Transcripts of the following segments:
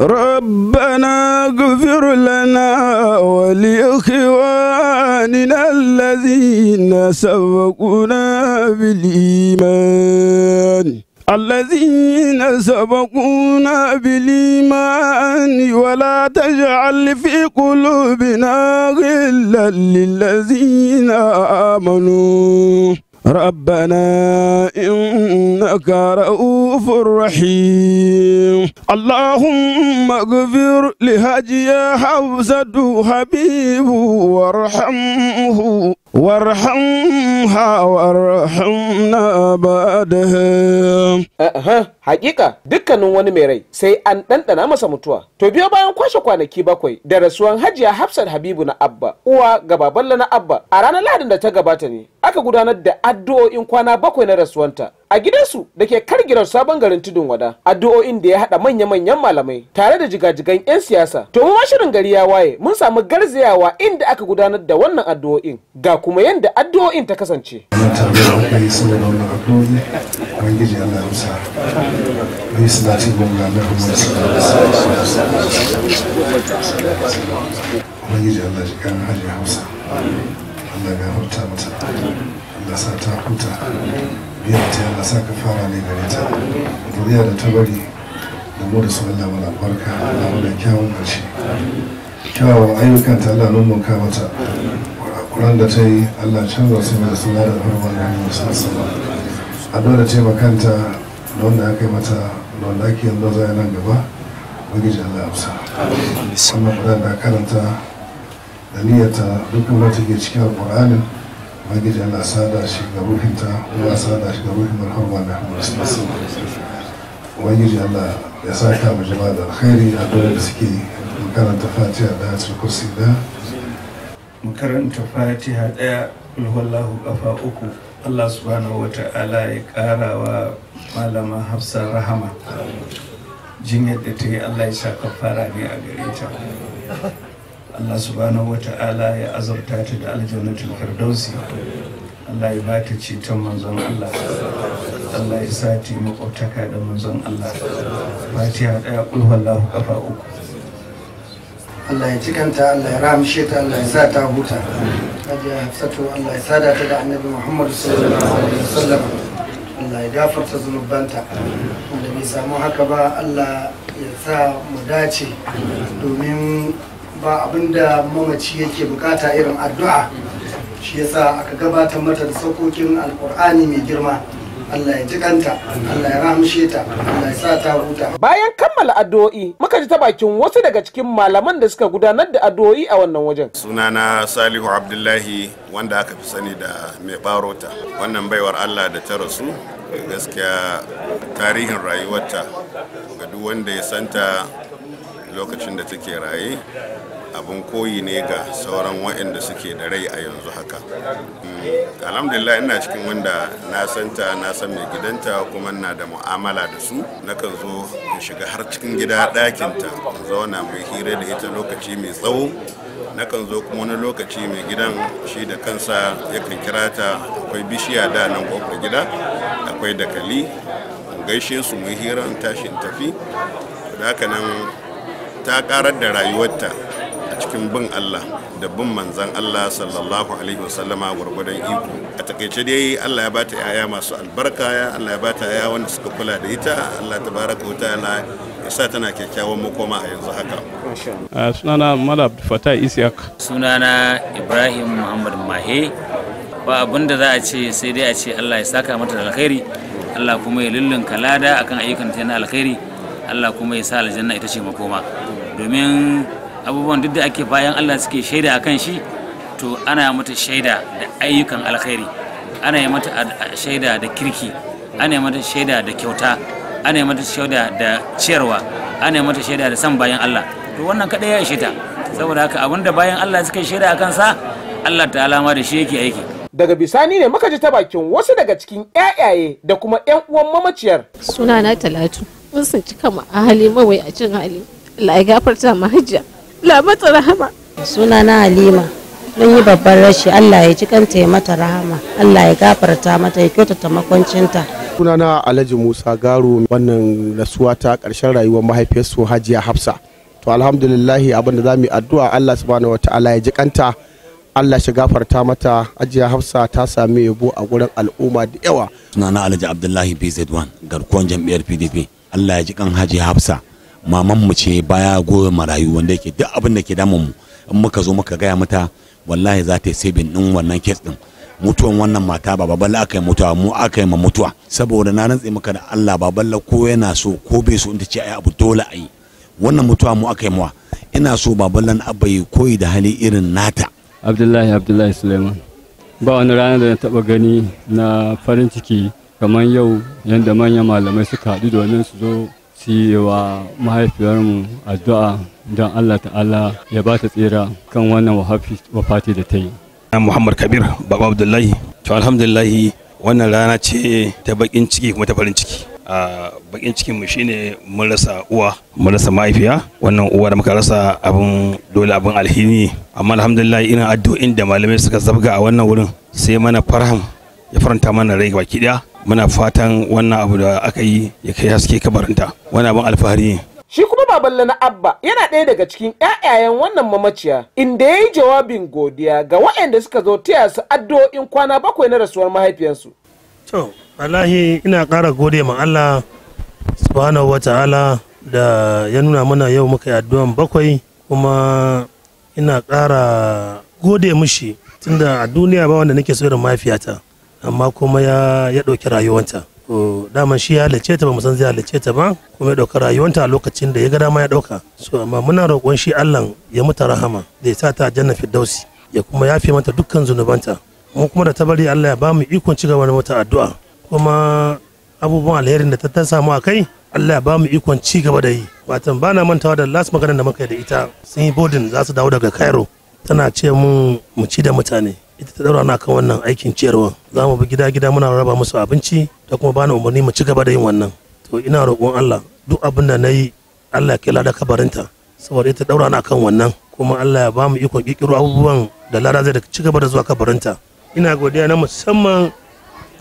ربنا اغفر لنا ولإخواننا الذين سبقونا بالإيمان الذين سبقونا بالإيمان ولا تجعل في قلوبنا غلا للذين آمنوا ربنا إنك رؤوف رحيم اللهم اغفر لهجي حفصة حبيب وارحمه warhamha warhamna badaha aha hakika dukkanin wani mai rai sai an ɗanɗana masa mutuwa to biyo bayan kwashe kwanaki bakwai da rasuwan hajiya hafsat habibu na abba uwa ga na abba a ranar lahadin da ta gabata ne aka gudanar da addu'o'in kwana bakwai na rasuwanta a gidansu da ke kargirar sabon garin tudun wada addu'o'in da ya hada manya-manyan malamai tare da jigajigan 'yan siyasa to mu shirin gari ya waye mun samu garzayawa inda aka gudanar da wannan addu'o'in ga kuma yadda addu'o'in ta kasance Allah Allah ya huta mata, Allah sa ta huta. zuriya ta sa ka fara ne gare ta zuriya da ta bari da mu da su Allah mana barka Allah mana kyawun ƙarshe kyawawan ayyukan ta Allah mun ka mata kuran da ta yi Allah canza su da suna da farman gani musamman a dole taimakanta da wanda aka yi mata da wanda ake yanzu zai nan gaba ubangiji Allah amsa wannan da karanta da niyyata dukkan wata ke cikin alƙur'anin ubangiji Allah sada shi ga ta Allah sada shi ga ruhin marhamma na ubangiji Allah ya saka mu jama'a da alkhairi a dole da suke makaranta fatiha da hatsar kursi da makaranta fatiha daya alwallahu kafa uku Allah subhanahu wa ta'ala ya kara wa malama hafsa rahama Jin yadda ta yi Allah ya sha kafara ne a gare ta Allah subhanahu wata'ala ya azurta ta da aljannatul firdausi Allah ya bata ceton manzon Allah Allah ya sati ta makwabtaka da manzon Allah fatiha daya kul wallahu kafa uku Allah ya cikanta Allah ya ramshe ta Allah ya sa ta huta hajiya hafsatu Allah ya sada ta da annabi Muhammad sallallahu alaihi wasallam Allah ya gafarta zunubanta wanda bai samu haka ba Allah ya sa mu dace domin ba abinda mamaci yake bukata irin addu'a shi yasa aka gabatar mata da sokokin alkur'ani mai girma Allah ya jikanta, Allah ya ramshe ta, Allah ya sa ta huta. Bayan kammala addu'o'i, muka ji ta bakin wasu daga cikin malaman da suka gudanar da addu'o'i a wannan wajen. Sunana Salihu Abdullahi wanda aka fi sani da mai barota. Wannan baiwar Allah da ta rasu gaskiya tarihin rayuwarta ga duk wanda ya santa lokacin da take raye abin koyi ne ga sauran waɗanda suke da rai a yanzu haka mm, alhamdulillah ina cikin wanda na santa na san mai gidanta kuma na da mu'amala da su nakan zo in shiga har cikin gida ɗakinta zauna mai hira da ita lokaci mai tsawo nakan zo kuma wani lokaci mai gidan shi da kansa yakan kira ta akwai bishiya da nan kofar gida akwai dakali gaishe su mai hira in tashi in tafi da haka nan ta karar da rayuwarta a cikin bin Allah da bin manzan Allah sallallahu alaihi wasallama gwargwadon iko a takaice dai Allah ya bata yaya masu albarka ya Allah ya bata yaya wanda suka kula da ita Allah tabaraka wa ta'ala ya sa tana kyakkyawan makoma a yanzu haka uh, sunana Mala fata Isiyak sunana Ibrahim Muhammad Mahe ba abin da za a ce sai dai a ce Allah ya saka mata da alkhairi Allah kuma ya lullun kalada akan ayyukan ta na alkhairi Allah kuma ya sa aljanna ita ce makoma domin abubuwan duk da ake bayan allah suke shaida a kan shi to ana mata shaida da ayyukan alkhairi ana yi mata shaida da kirki ana yi mata shaida da kyauta ana yi mata shaida da ciyarwa ana yi mata shaida da san bayan allah to wannan kadai ya ishe ta saboda haka da bayan allah suke shaida a kansa allah ta alama da shi yake aiki daga bisani ne muka ji ta bakin wasu daga cikin yayaye da kuma 'yan uwan mamaciyar suna na talatu mun sun cika ma a hali mawai a cin hali Allah ya gafarta ma hajja la mata rahama suna na halima mun yi babban rashi Allah ya ji kanta ya mata rahama Allah ya gafarta mata ya kyautata makwancinta suna na Alhaji Musa Garo wannan rasuwa ta karshen rayuwar mahaifiyarsu Hajiya Hafsa to alhamdulillah abin da zamu yi addu'a Allah subhanahu wataala ya ji kanta Allah shi gafarta mata ajiya Hafsa ta sami yabo a gurin al'umma da yawa. Suna na Alhaji Abdullahi BZ1 garkuwan jam'iyyar PDP. Allah ya ji kan Hajiya Hafsa maman mu ce baya goyon marayu wanda yake duk abin da ke damun mu in muka zo muka gaya mata wallahi za ta yi sabin din wannan kes din mutuwan wannan mata ba baballa aka yi mutuwa mu aka yi ma mutuwa saboda na rantse maka da Allah baballa ko yana so ko bai so in ta ce ai abu dole ai wannan mutuwa mu aka yi mawa ina so baballa na abai koyi da hali irin nata Abdullahi Abdullahi Suleiman ba wani rana da na taba gani na farin ciki kamar yau yadda manyan malamai suka haɗu domin su zo su mahaifiyarmu addu'a don Allah ta'ala ya ba ta tsira kan wannan wafati da ta yi. Muhammad Kabir Baba Abdullahi to alhamdulillahi wannan rana ce ta bakin ciki kuma ta farin ciki a bakin cikin mu shine mun rasa uwa mun rasa mahaifiya wannan uwa da muka rasa abin dole abin alhini amma alhamdulillah ina addu'in da malamai suka zabga a wannan wurin sai mana farham ya faranta mana rai baki daya muna fatan wannan abu da aka yi ya kai haske kabarinta wani abin alfahari shi kuma baballe na abba yana ɗaya daga cikin ƴaƴayen wannan mamaciya inda ya yi jawabin godiya ga waɗanda suka zo taya su addu'o'in kwana bakwai na rasuwar mahaifiyarsu to wallahi ina ƙara gode ma Allah subhanahu wata'ala da ya nuna mana yau muka yi addu'an bakwai kuma ina ƙara gode mishi tunda a duniya ba wanda nake so irin mahaifiyata amma kuma ya ya ɗauki rayuwanta to dama shi ya halice ta ba mu san zai halice ta ba kuma ya ɗauka rayuwanta a lokacin da ya ga dama ya ɗauka so amma muna roƙon shi Allah ya muta rahama da ya sa ta janna firdausi ya kuma yafe mata dukkan zunubanta mu kuma da ta bari Allah ya ba mu ikon ci gaba da mata addu'a kuma abubuwan alherin da ta ta samu a kai Allah ya ba mu ikon ci gaba da yi watan bana na mantawa da last magana da muka yi da ita sun yi bodin za su dawo daga Cairo tana ce mun mu ci da mutane ita ta daura na kan wannan aikin ciyarwan za mu bi gida gida muna raba musu abinci da kuma bani umarni mu ci gaba da yin wannan to ina roƙon Allah duk abin da na yi Allah ya kai lada kabarinta saboda ita daura na kan wannan kuma Allah ya ba mu ikon kikiro abubuwan da lada zai da ci gaba da zuwa kabarinta ina godiya na musamman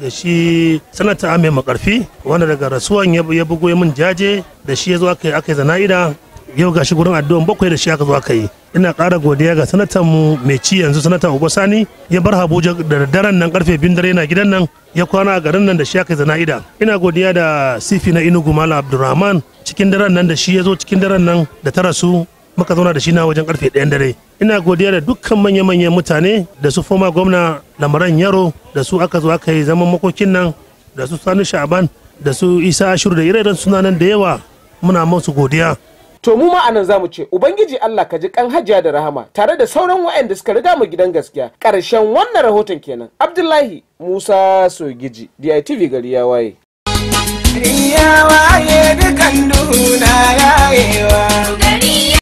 da shi sanata mai makarfi wanda daga rasuwan ya bugo min jaje da shi ya zo aka yi zana'ida yau gashi gurin addu'an bakwai da shi aka zo aka yi ina ƙara godiya ga sanatan mu mai ci yanzu sanata uba Sani ya bar Habuja da daren nan karfe bin dare yana gidan nan ya kwana a garin nan da shi aka zana'ida ina godiya da sifi na Inugu Malam Abdulrahman cikin daren nan da shi ya zo cikin daren nan da ta rasu muka zauna da shi na wajen karfe ɗayan dare ina godiya da dukkan manya-manyan mutane da su foma gwamna lamaran yaro da su aka zo aka yi zaman makokin nan da su sani sha'aban da su isa Ashiru da ire-iren sunanan da yawa muna masu godiya to mu ma anan zamu ce ubangiji Allah ka ji kan hajiya da rahama tare da sauran wayanda suka riga mu gidan gaskiya Karshen wannan rahoton kenan abdullahi musa sogiji DITV gari ya waye ya waye dukan duna yayewa